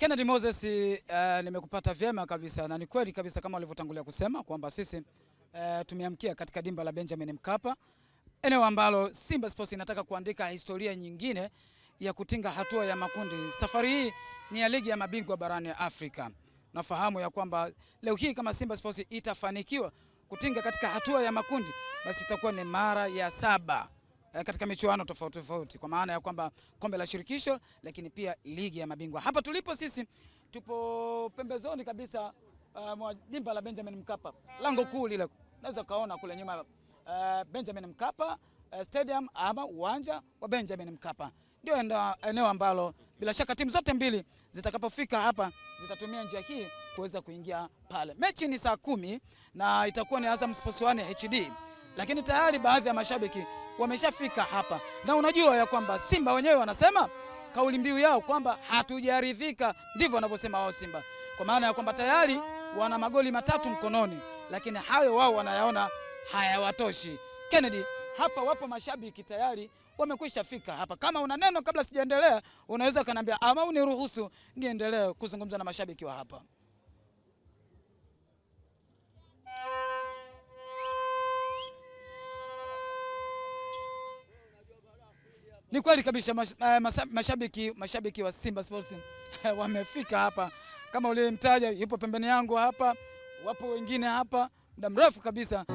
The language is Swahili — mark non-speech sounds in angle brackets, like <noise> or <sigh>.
Kennedy Moses, uh, nimekupata vyema kabisa na ni kweli kabisa kama walivyotangulia kusema kwamba sisi uh, tumeamkia katika dimba la Benjamin Mkapa, eneo ambalo Simba Sports inataka kuandika historia nyingine ya kutinga hatua ya makundi. Safari hii ni ya ligi ya mabingwa barani Afrika. Nafahamu ya kwamba leo hii kama Simba Sports itafanikiwa kutinga katika hatua ya makundi, basi itakuwa ni mara ya saba Eh, katika michuano tofauti tofauti, kwa maana ya kwamba kombe la shirikisho, lakini pia ligi ya mabingwa. Hapa tulipo sisi tupo pembezoni kabisa uh, mwa dimba la Benjamin Mkapa, lango kuu lile, naweza kaona kule nyuma uh, Benjamin Mkapa uh, stadium ama uwanja wa Benjamin Mkapa ndio eneo ambalo bila shaka timu zote mbili zitakapofika hapa zitatumia njia hii kuweza kuingia pale. Mechi ni saa kumi na itakuwa ni Azam Sports 1 HD, lakini tayari baadhi ya mashabiki wameshafika hapa, na unajua ya kwamba Simba wenyewe wanasema kauli mbiu yao kwamba hatujaridhika, ndivyo wanavyosema wao Simba, kwa maana ya kwamba tayari wana magoli matatu mkononi, lakini hayo wao wanayaona hayawatoshi. Kennedy, hapa wapo mashabiki tayari wamekwisha fika hapa. Kama una neno kabla sijaendelea, unaweza ukaniambia ama uniruhusu niendelee kuzungumza na mashabiki wa hapa. Ni kweli kabisa eh, mashabiki, mashabiki wa Simba Sports <laughs> wamefika hapa kama uliyemtaja, yupo pembeni yangu hapa, wapo wengine hapa muda mrefu kabisa